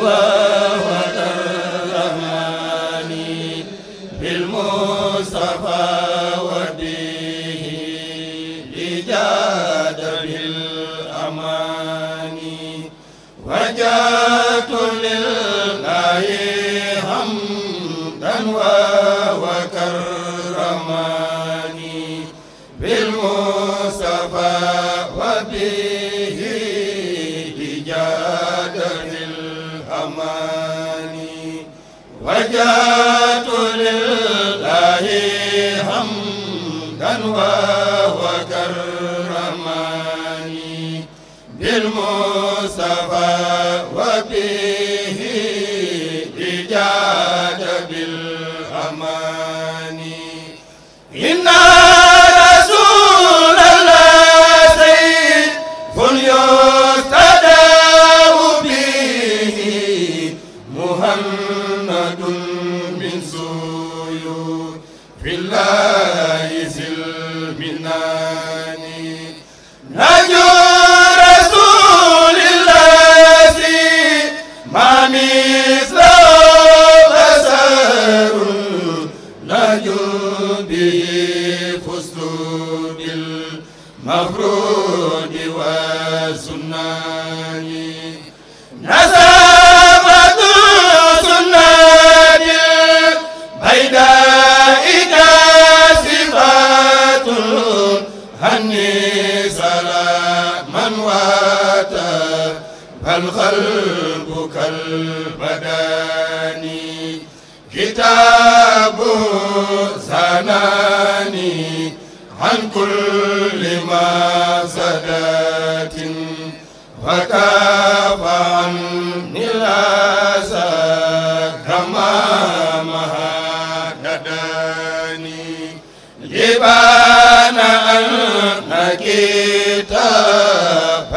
wa المصطفى وبه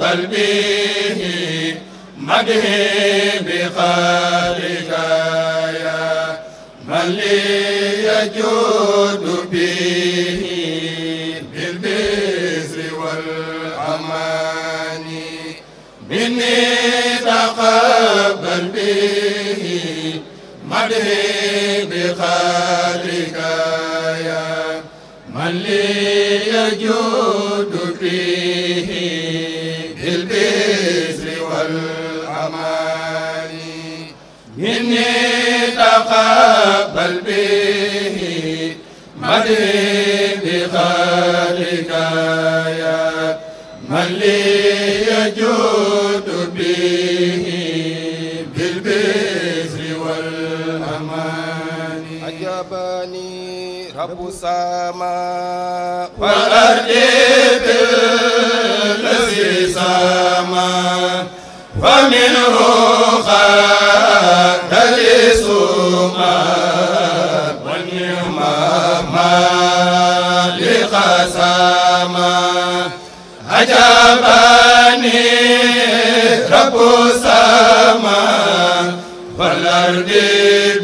بل به مده بخالك يا من لي يجود به بالبزر والأمان مني تقبل به مده بخالك يا من لي يجود به تقبل به مدين بخالك يا من لي يجود به بالبسر والأمان أجابني رب السماء والأرض بالذي سما فمنه خالق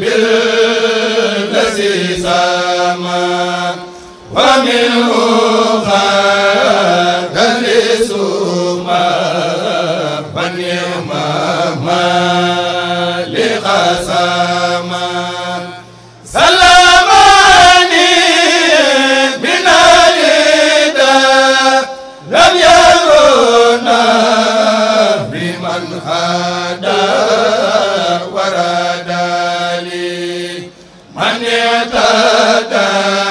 بالذي سما ومنه خير هدى ورد لي من اهتدى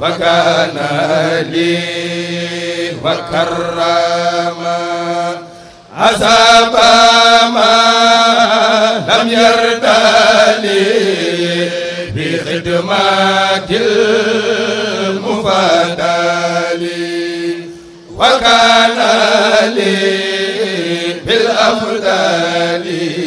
وكان لي وكرما عذاب ما لم يرتلي بخدمات المفادل وكان لي بالأفضل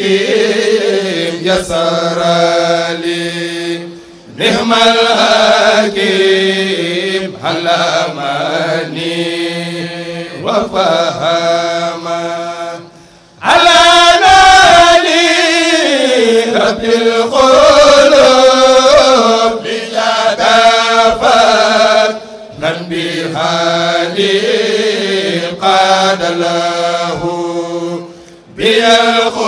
الحكيم يسر لي نعم الحكيم علمني وفهم على نالي رب القلوب لجدفت من بحالي قاد له بالخلق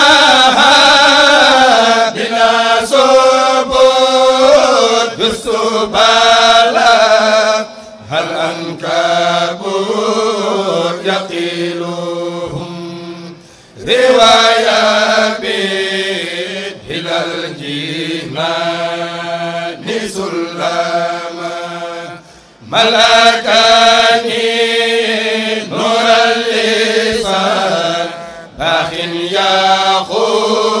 بالستبالا هل أنكبوت يقيلهم رواية بيت هلال الجيمان سلاما ملاكاني نور اللسان باخ ياخذ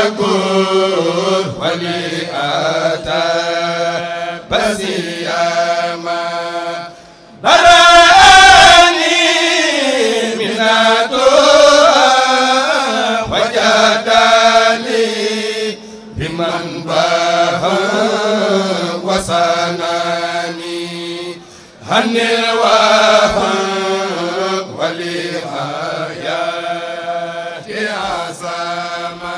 حسناني هني وهن ولحياتي عسما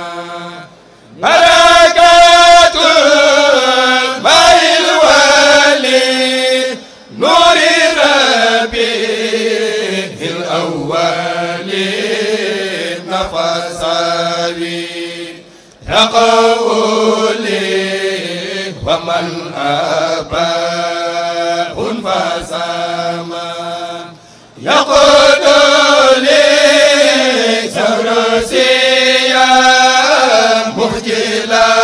بركات الماء الولي نور ربي الأول نفسي يقوى ومن أباه فسما يقول لي سرسيا مخجلا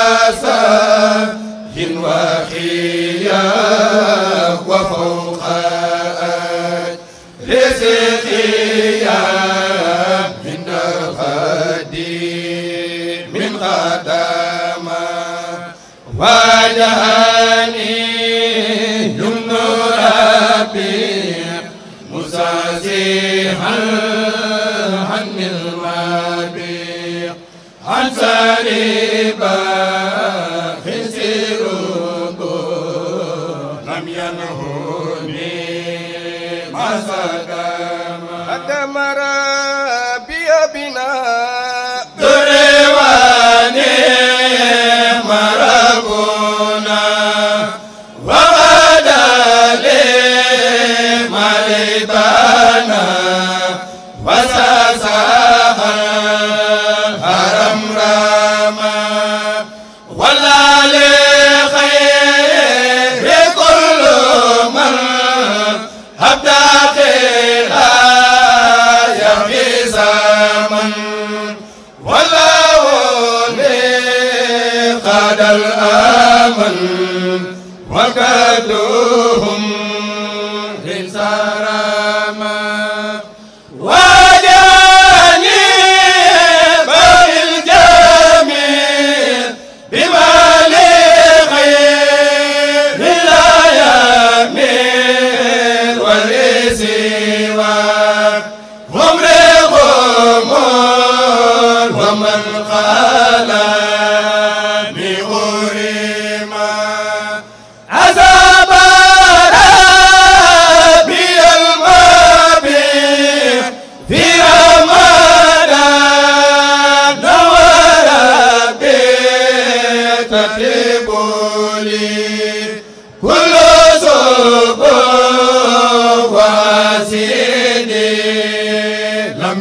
سهل وخيا وفوق jaa وحدهم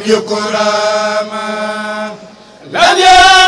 يكرما لن يرى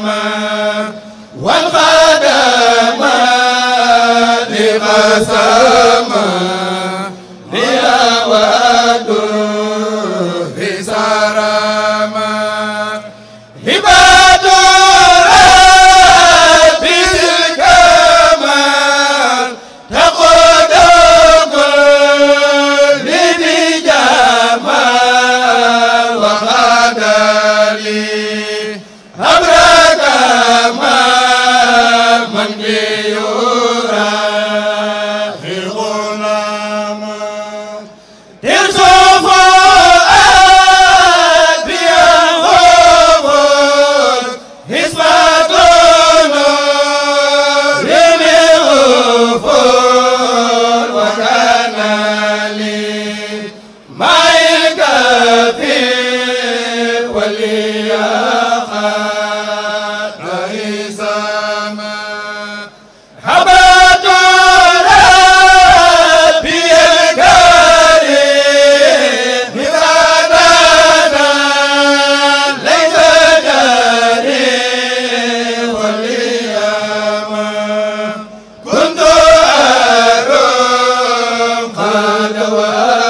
sama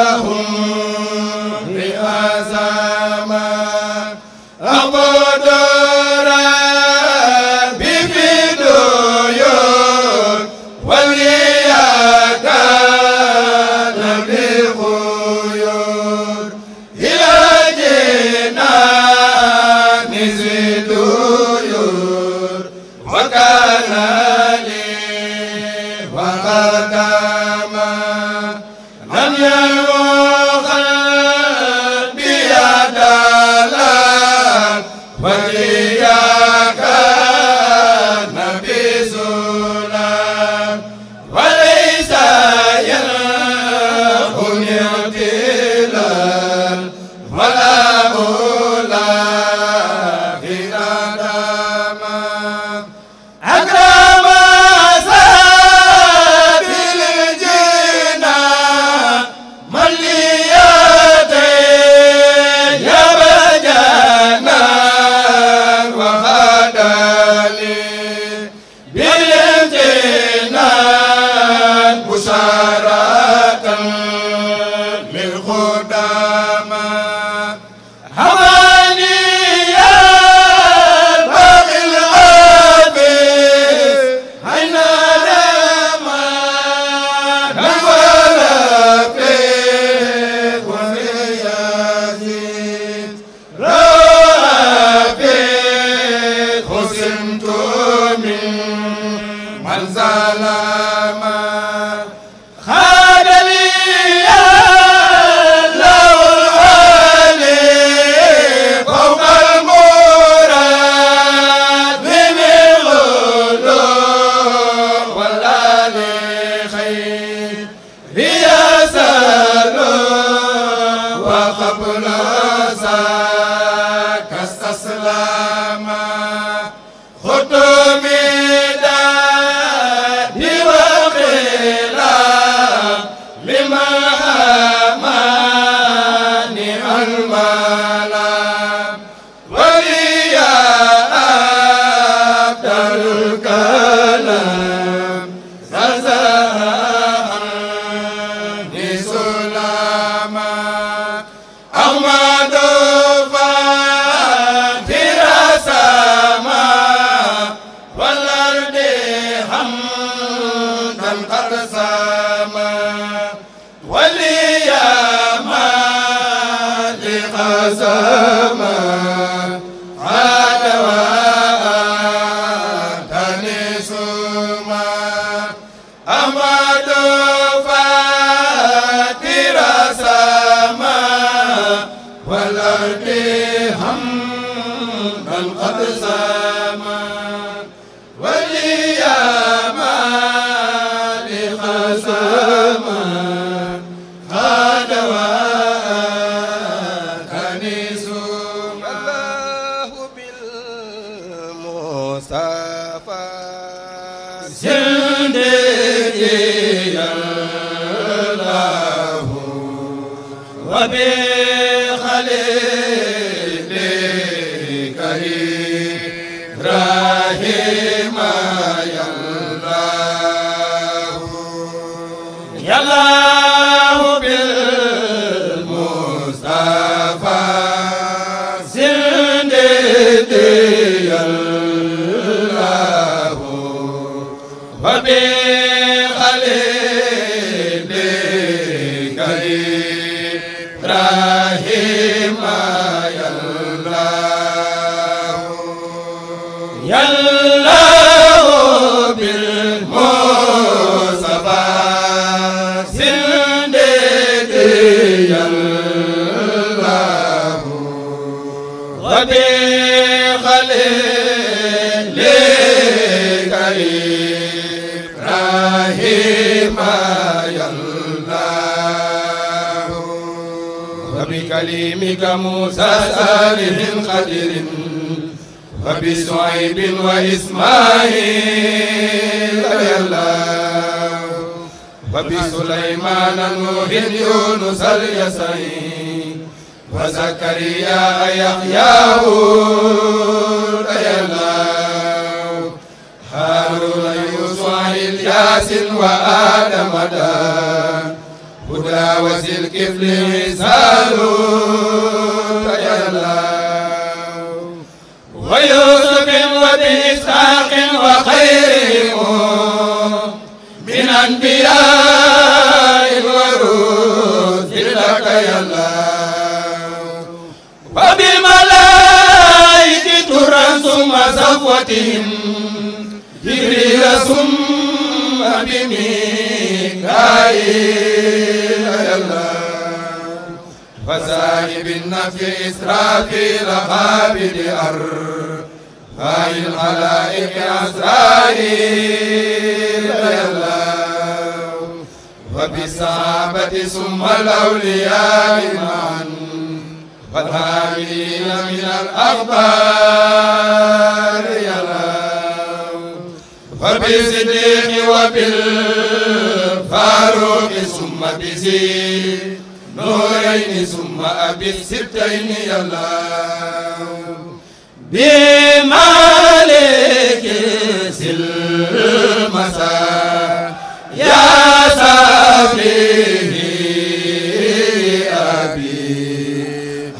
lahum بك موسى سالم خدر وبسعيب وإسماعيل الله وبسليمان نوح يونس اليسعي وزكريا يحيى هارون يوسف الياس وآدم دار وكلاوس الكفل وصال تجلى ويوسف وبإسحاق وخيرهم من أنبياء الورود لك يلا وبالملائكة ترى ثم صفوتهم جبريل ثم بميكائيل سائب النفي إسرافيل قابل أرفاع الخلائق عزرائيل وبالصحابة ثم الأولياء معا والهاملين من الأخبار وبالصديق وبالفاروق ثم بزيد نورين ثم أبي السبتين يا الله بمالك سلمسا يا سفيه أبي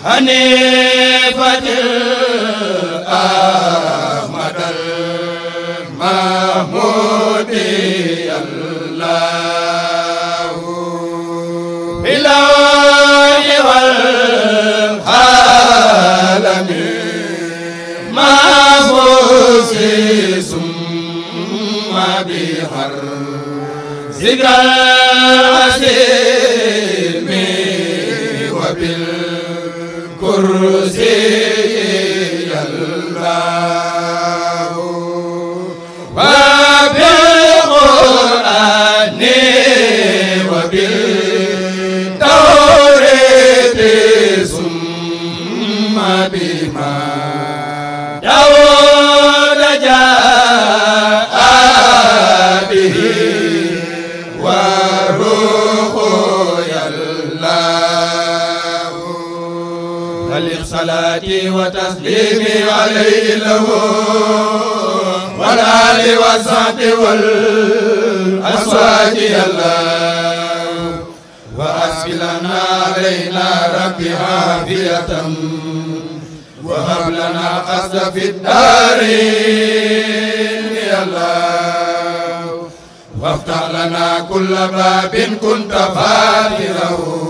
حنيفة الأرض ذكر صلاتي وتسليمي عليه له والآل وصحبه والأزواج الله وأسبلنا علينا ربي عافية وهب لنا قصد في الدارين يا الله وافتح لنا كل باب كنت فاتحه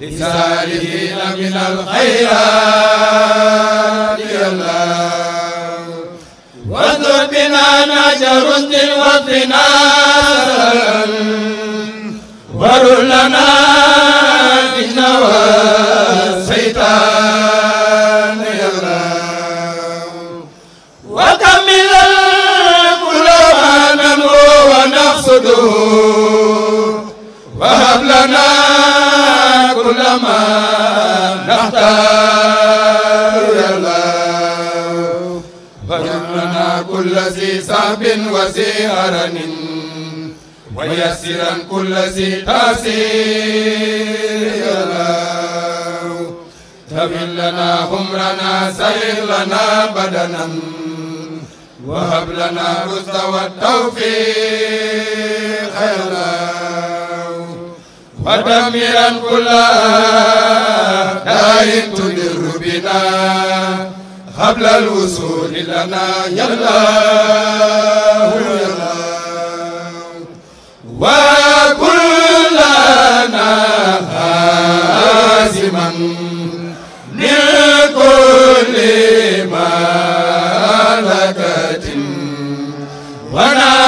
لسالكين من الخيرات يا الله واذر بنا نجر وفنا ورل لنا بالنوى الشيطان يا الله وكمل القلوب ونقصده وهب لنا لما نختار الله فجمعنا كل ذي صعب وذي هرن ويسرا كل ذي تاسير الله تمن لنا عمرنا سير لنا بدنا وهب لنا الرشد والتوفيق يا الله ودمرا كل داء تدر بنا قبل الوصول لنا يا الله يا الله وكل لنا هازما لكل ملكة ونار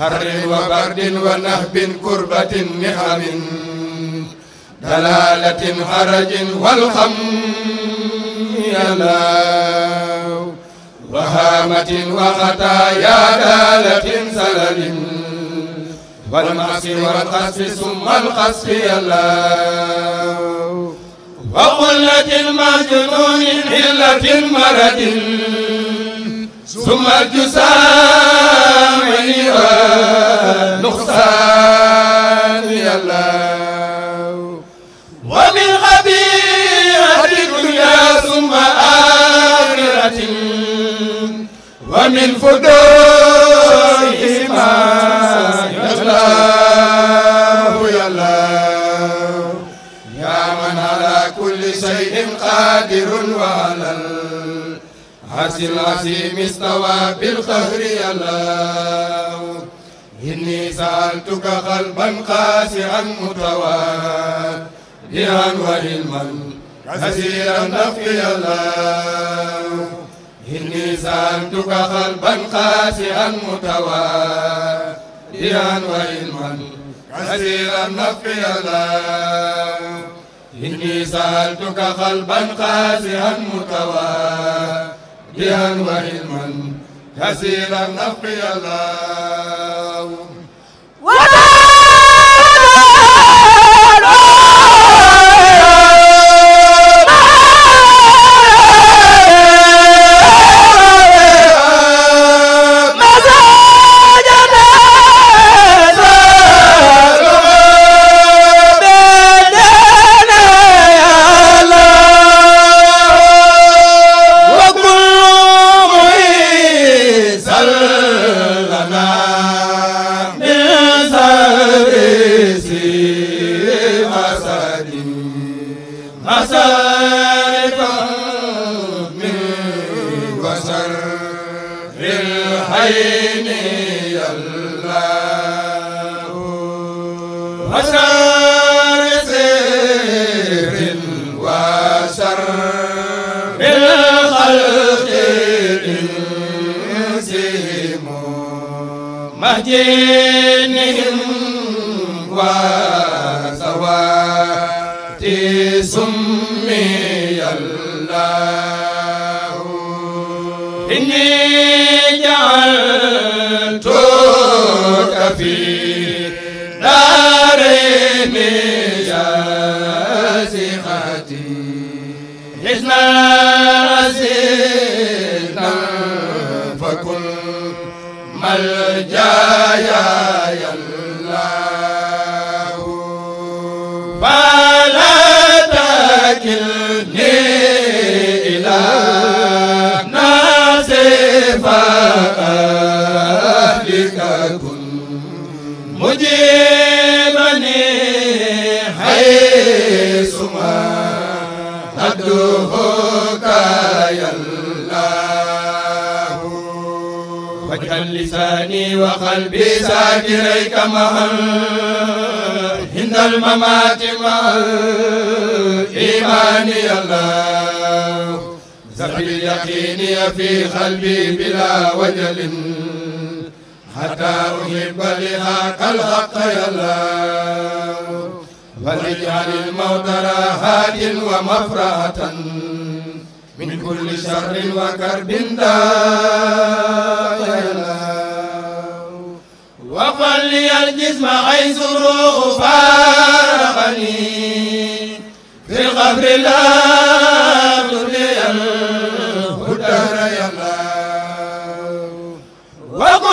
حر وبرد ونهب كربة نعم دلالة حرج والخم يلاو وهامة وخطايا دالة سلل والمعص والقصف ثم القصف يلاو وقلة مجنون هلة مرد ثم تسامحي نقصان الله ومن خبيئة الدنيا ثم آخرة ومن فدوئهما يالله يالله يا من على كل شيء قادر وعلى الله عرش العظيم استوى بالقهر الله إني سألتك قلبا خاشعا متواضعا وعلما كثيرا نقي الله إني سألتك قلبا خاشعا متواضعا وعلما كثيرا نقي الله إني سألتك قلبا خاشعا متواضعا بيان وعلما كثيرا نبقي الله لي في قلبي بلا وجل حتى أحب لهاك الحق يا الله وليجعل الموت راحات ومفرحة من كل شر وكرب داء يا الله وقل لي الجسم حيث الروح فارقني في القبر الله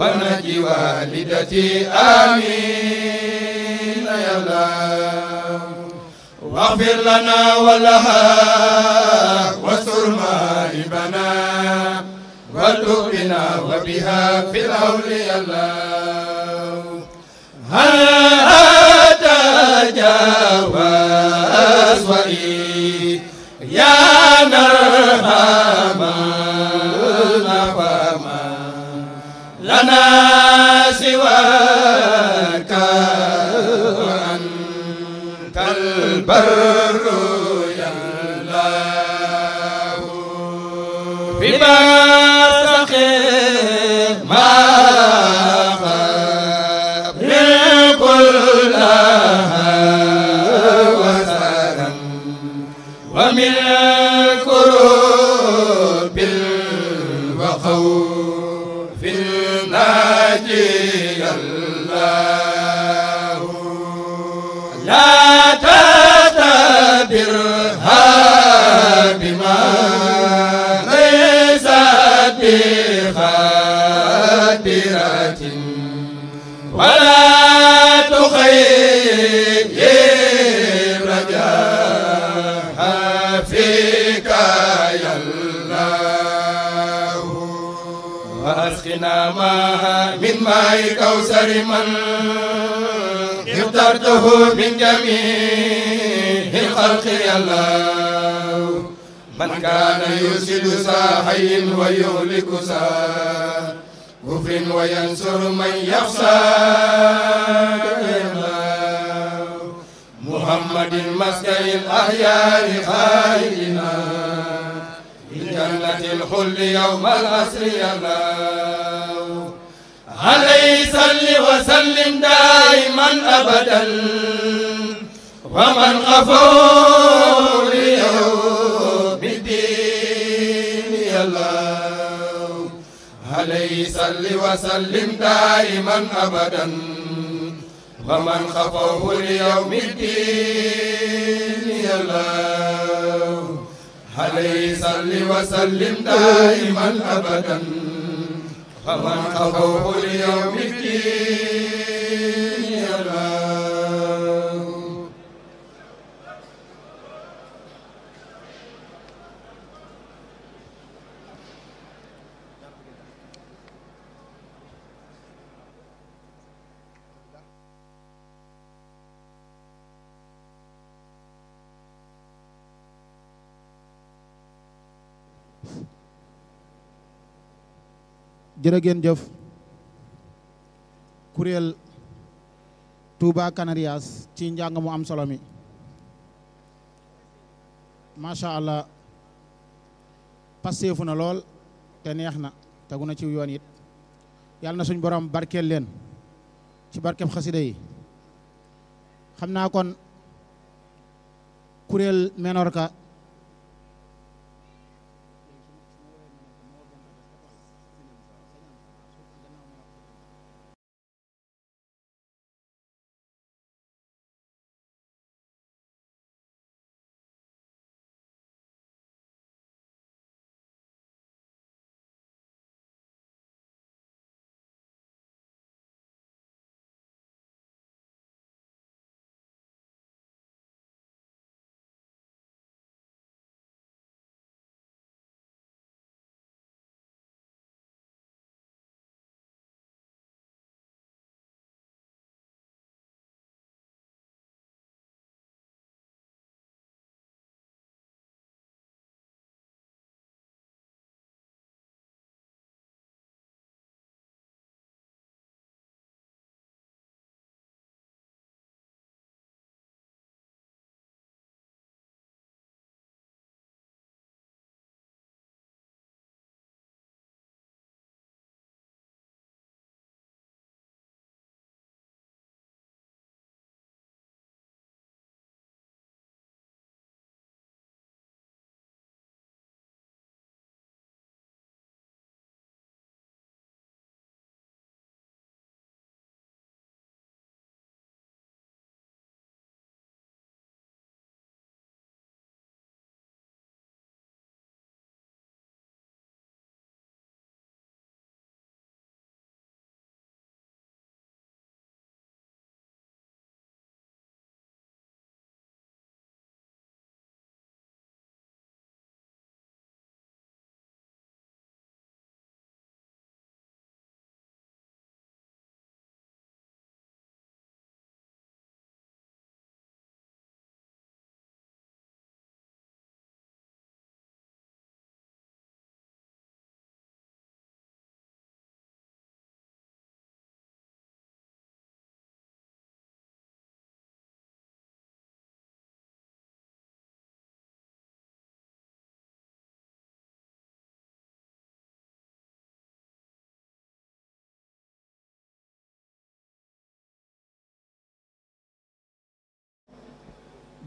ونجي والدتي آمين يا الله واغفر لنا ولها واستر مائبنا وتؤمنا وبها في الأولياء الله هل تجاوز وإيانا barru yàlla من ماء الكوثر من اخترته من جميع الخلق يا الله من كان يرسل ساحي ويهلك سا كفر وينصر من يخشى محمد مسكن الأحياء خالدنا من جنة الخلد يوم العصر يا الله عليه صل وسلم دائما أبدا ومن غفور يوم الدين يا الله عليه صل وسلم دائما أبدا ومن خفوه ليوم الدين يا الله عليه صل وسلم دائما أبدا فمن خبوه ليوم الدين jërë ngeen jëf kuréel Touba Canarias ci njàng mu am solo mi macha allah passeefu na lool te neex na tegu na ci yoon it yàlla na suñ borom barkeel leen ci barkeb xasida xam naa kon kuréel menorka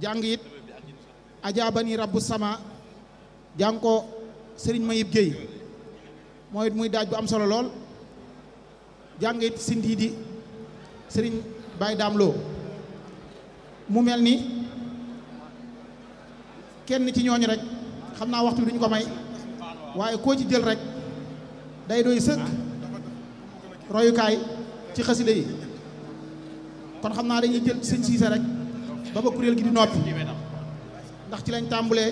jàng it ajaabani rabbu sama jàng ko sëriñ Mayib Guèye mooy muy daaj bu am solo lool jàng it sindiidi sëriñ Baye Dame loo mu mel ni kenn ci ñooñ rek xam naa waxtu bi duñ ko may waaye koo ci jël rek day doy sëkk royukaay ci xasida yi kon xam naa dañuy jël sëñ siise rek ba ba kuréel gi di noppi ndax ci lañ tàmbulee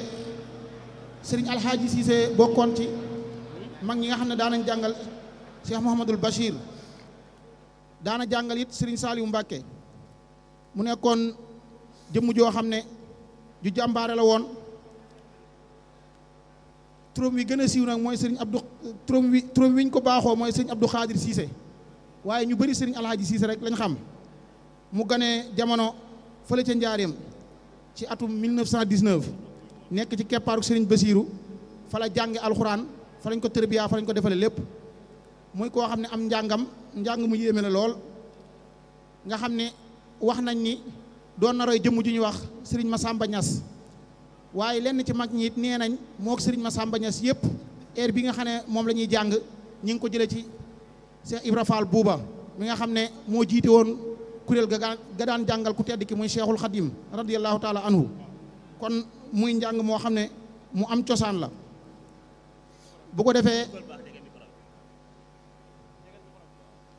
sëriñ alxaaji Cissé bokkoon ci mag ñi nga xam ne daanañ jàngal Cheikh Mouhamadul Bachir daana jàngal it sëriñ Saliou Mbacke mu nekkoon jëmm joo xam ne ju jàmbaare la woon turam wi gën a siiw nag mooy sëriñ Abdou turam wi turam wiñ ko baaxoo mooy sëriñ Abdou Khadir Cissé waaye ñu bari sëriñ alxaaji Cissé rek lañ xam mu ganee jamono fële ca njaareem ci atum 1919 nekk ci keppaaru Serigne Basiiru fa la jànge alxuraan fa lañ ko tërbiyaa fa lañ ko defale lépp muy koo xam ne am njàngam njàng mu yéeme la lool nga xam ne wax nañ ni doon na roy jëmm ju ñuy wax Serigne Massamba Niass waaye lenn ci mag ñi nee nañ moo ak ma Massamba Niass yëpp heure bi nga xam ne moom la ñuy jàng ñi ngi ko jëlee ci Cheikh Ibra Fall Bouba mi nga xam ne moo jiite woon kuréel ga ga daan jàngal ku tedd ki muy cheikhul xadim radiallahu taala anhu kon muy njàng moo xam ne mu am cosaan la bu ko defee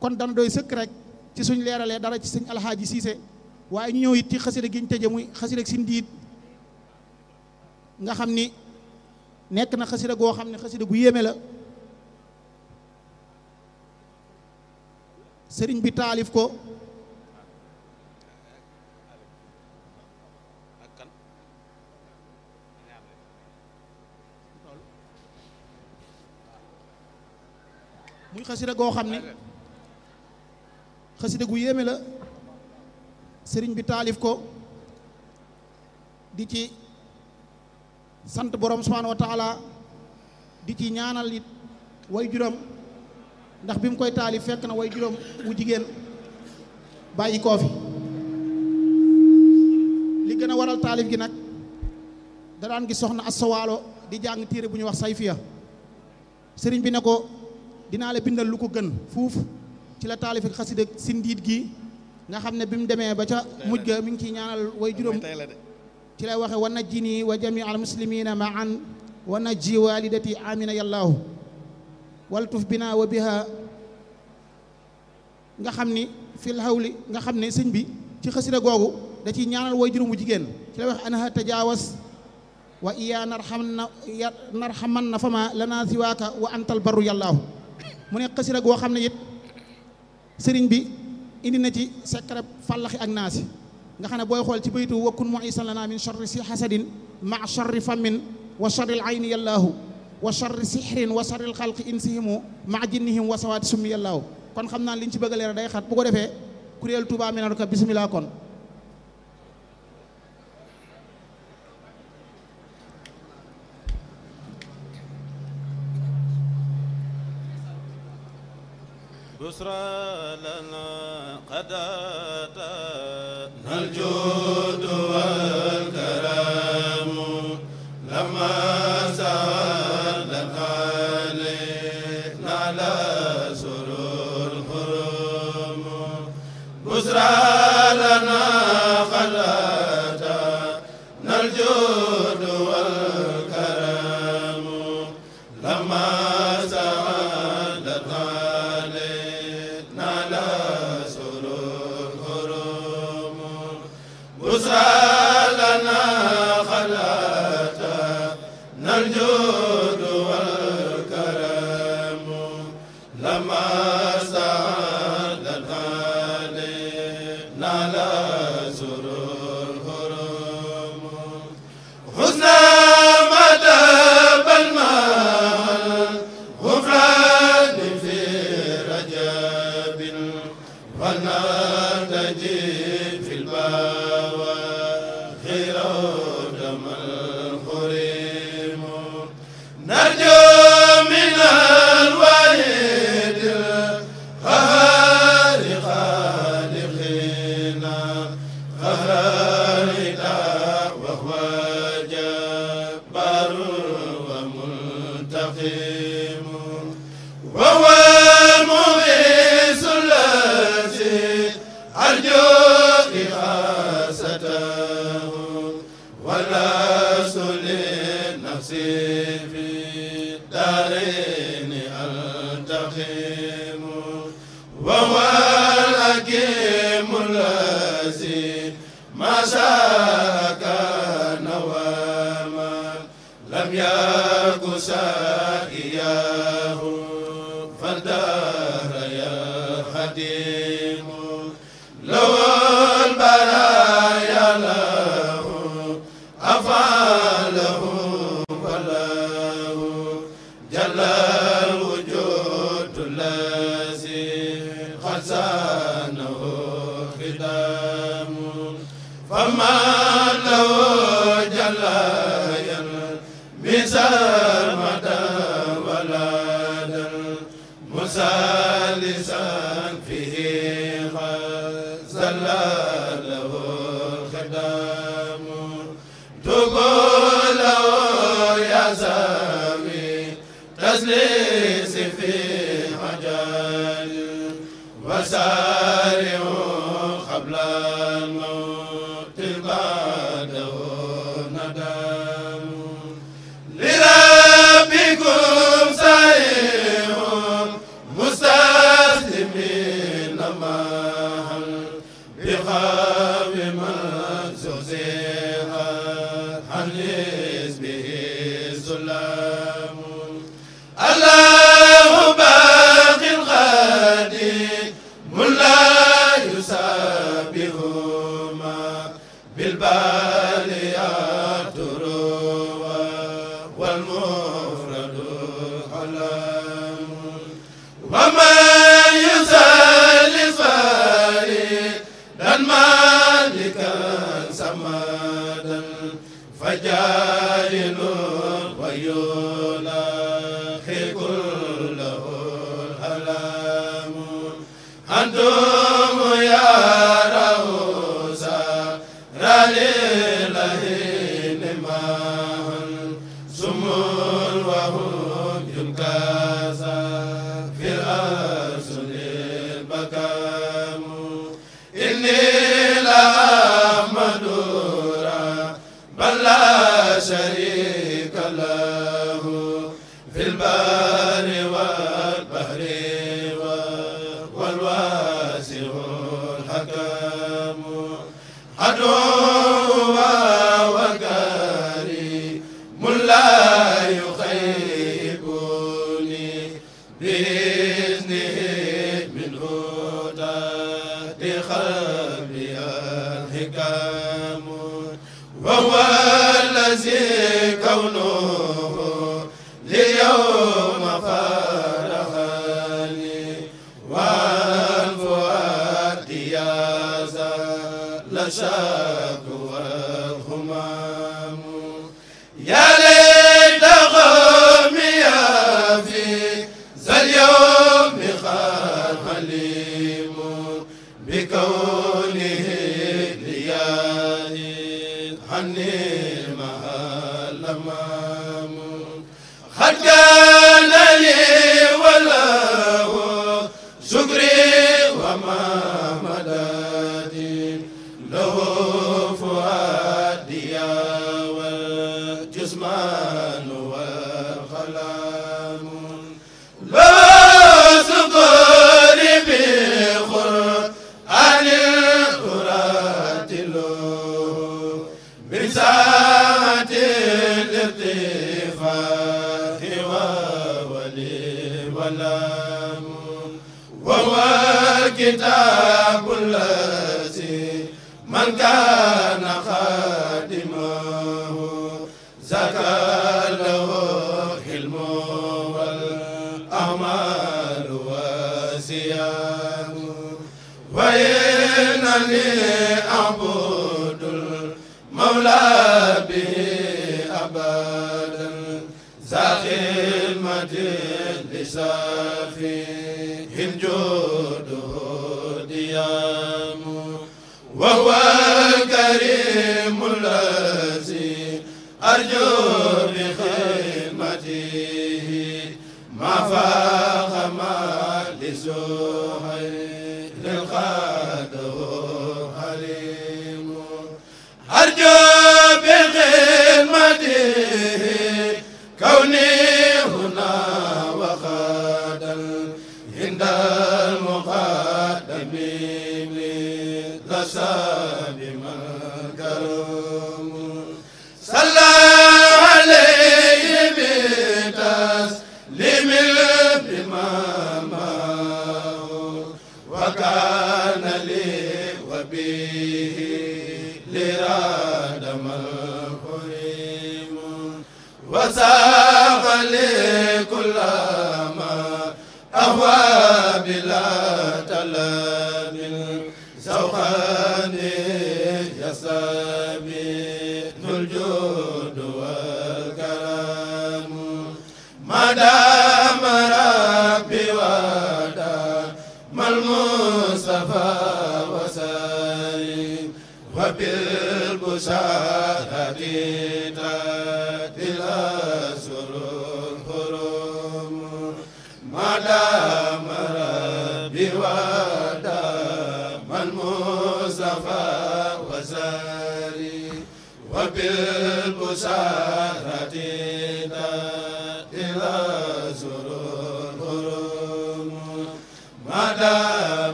kon dana doy sëkk rek ci suñ leeralee dara ci suñ alxaaji siise waaye ñu ñëw it ci xasida gi tëje muy xasida si sin nga xam ni nekk na xasida goo xam ne xasida gu yéeme la sëriñ bi taalif ko muy xasida goo xam ni xasida gu yéeme la sëriñ bi taalif ko di ci sant boroom subhaanahu wa di ci ñaanal it way juróom ndax bi mu koy taalif fekk na way juróom wu jigéen bàyyi koo fi li gën a waral taalif gi nag da daan gi soxna asawaalo di jàng téere bu ñuy wax sayfiya sëriñ bi ne ko dinaa la bindal lu ko gën fuuf ci la taalif ak xasida sindiit gi nga xam ne bi mu demee ba ca mujj ga mi ngi ciy ñaanal way juróom ci lay waxe wa najji nii wa jami al muslimina ma an wa najji walidati amina yallaahu waltuf bina wa biha nga xam ni fil hawli nga xam ne sëñ bi ci xasida googu da ciy ñaanal way juróom bu jigéen ci lay waxe anha tajaawas wa iya narxaman na narxaman na fama lana siwaaka wa antal barru yallaahu mu ne xasida goo xam ne it sëriñ bi indi na ci secret fàllaxi ak naasi nga xam ne booy xool ci baytu wa kun muisan lana min charri si xasadin ma charri famin wa charri ayni yallaahu wa charri sixrin wa charri xalqi insihimu ma jinnihim wa sawaati summi yallaahu kon xam naa liñ ci bëgg a day xat bu ko defee kuréel Touba Minane ko bisimilah kon يسرا لنا قد يكن a adoo عند المقدم للرسائل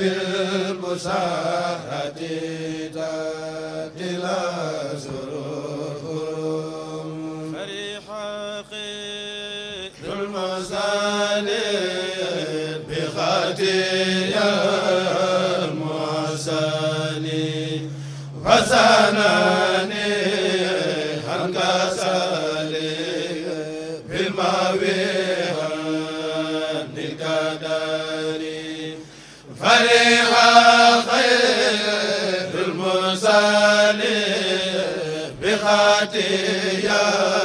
بالمساعدة te ya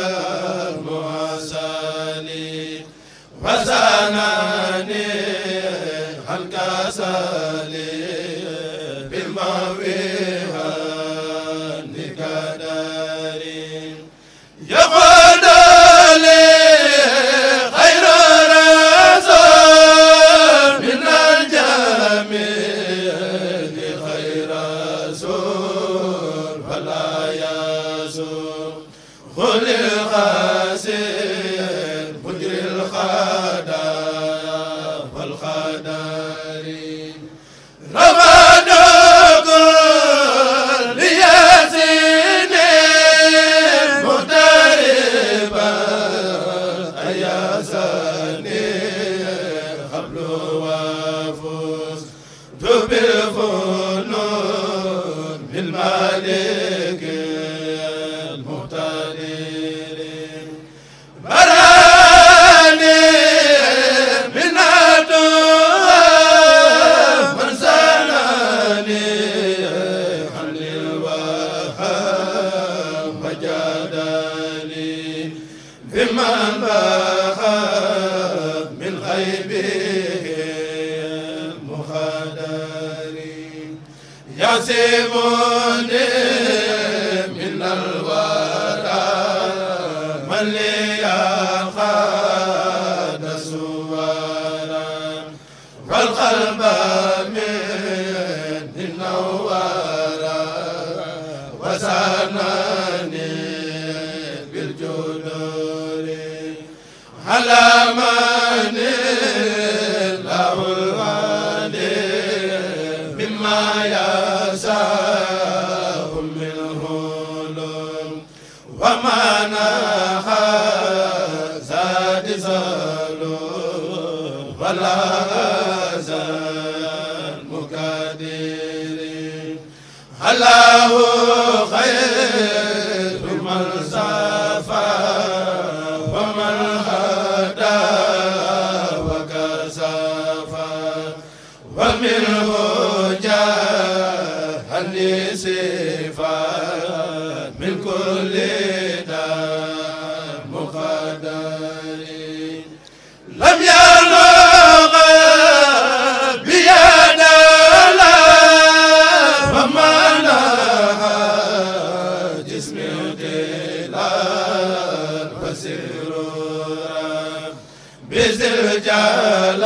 سرورا بذل جلال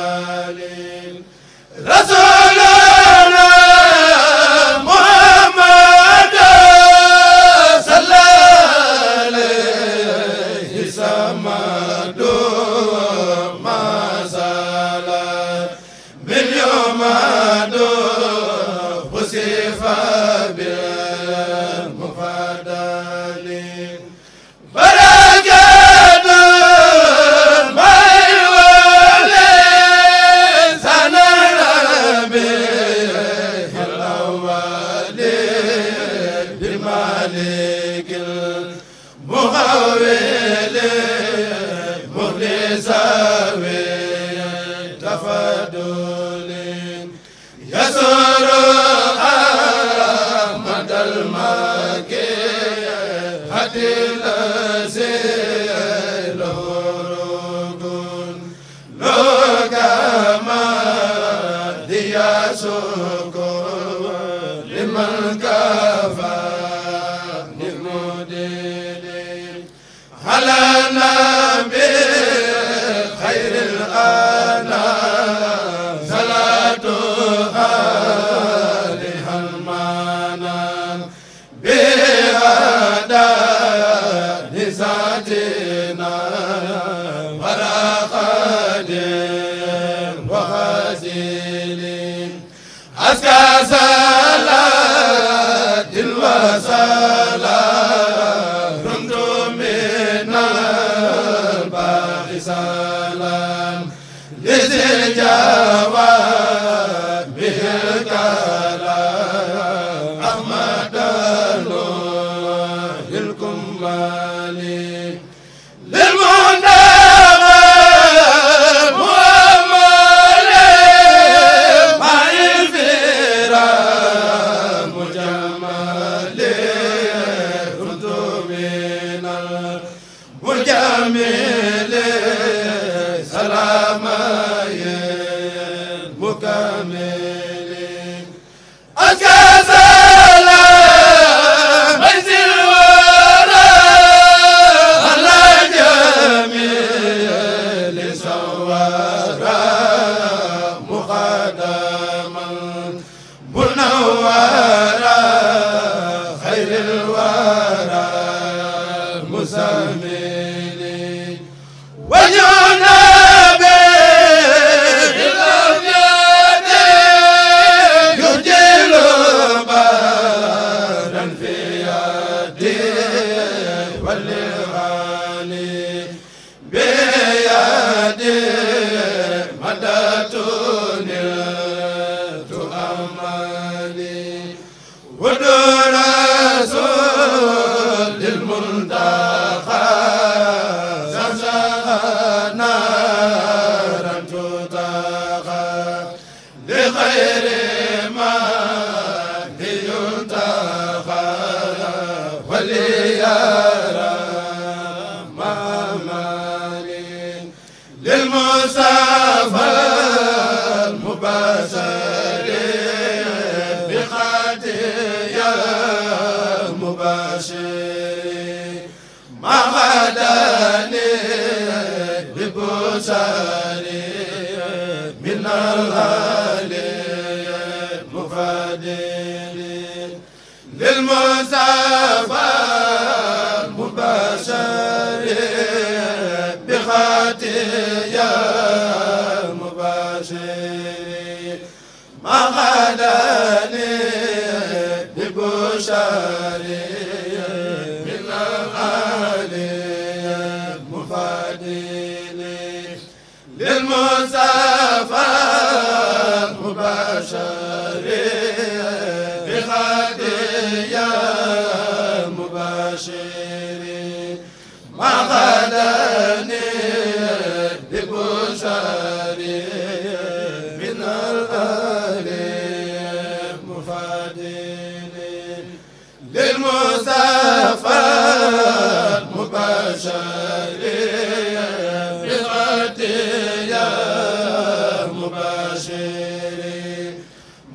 sa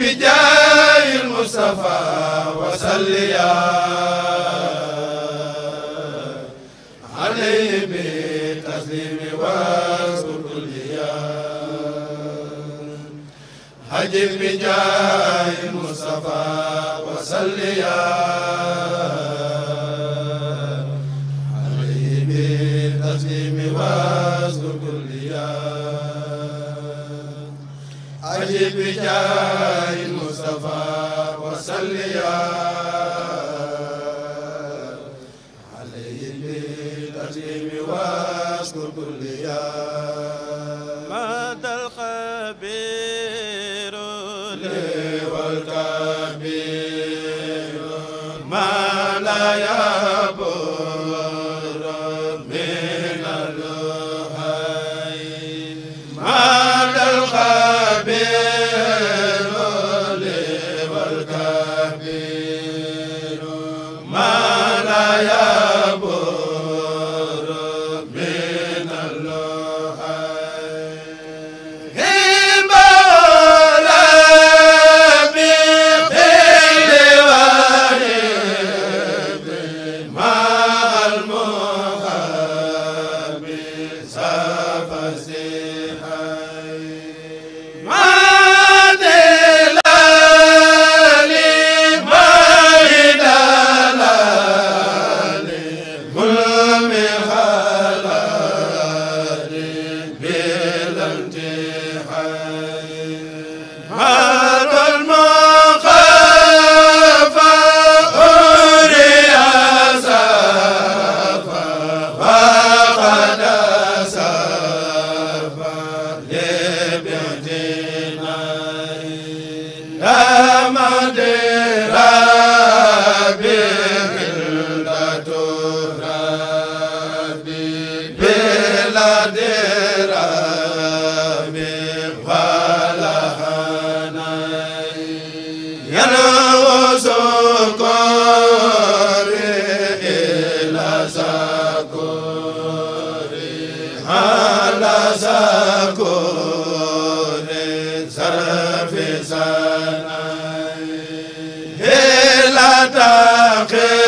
بجاه المصطفى وصليا عليه بالتسليم والسكليا هجر بجاه المصطفى وصليا عليه بالتسليم والسكليا هجر بجاه لا تقل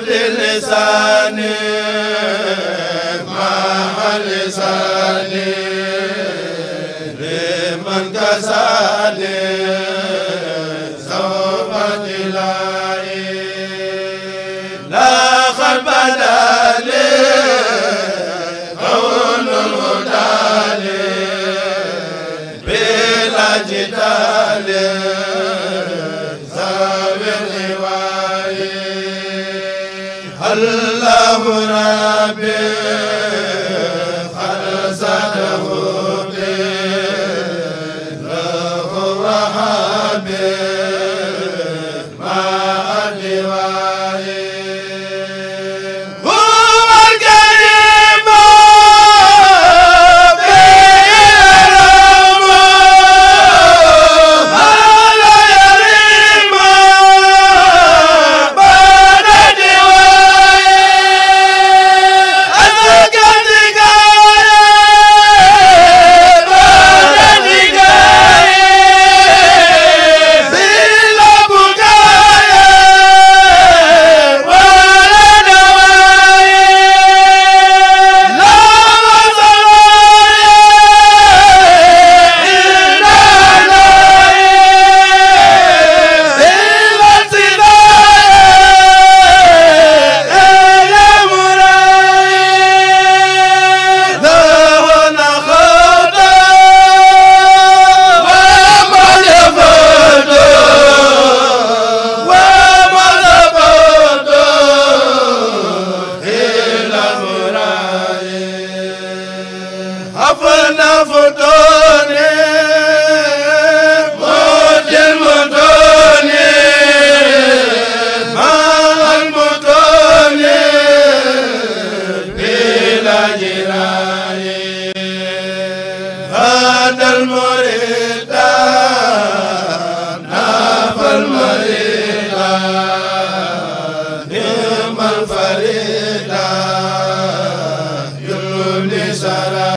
لساني مع لساني لمن كسر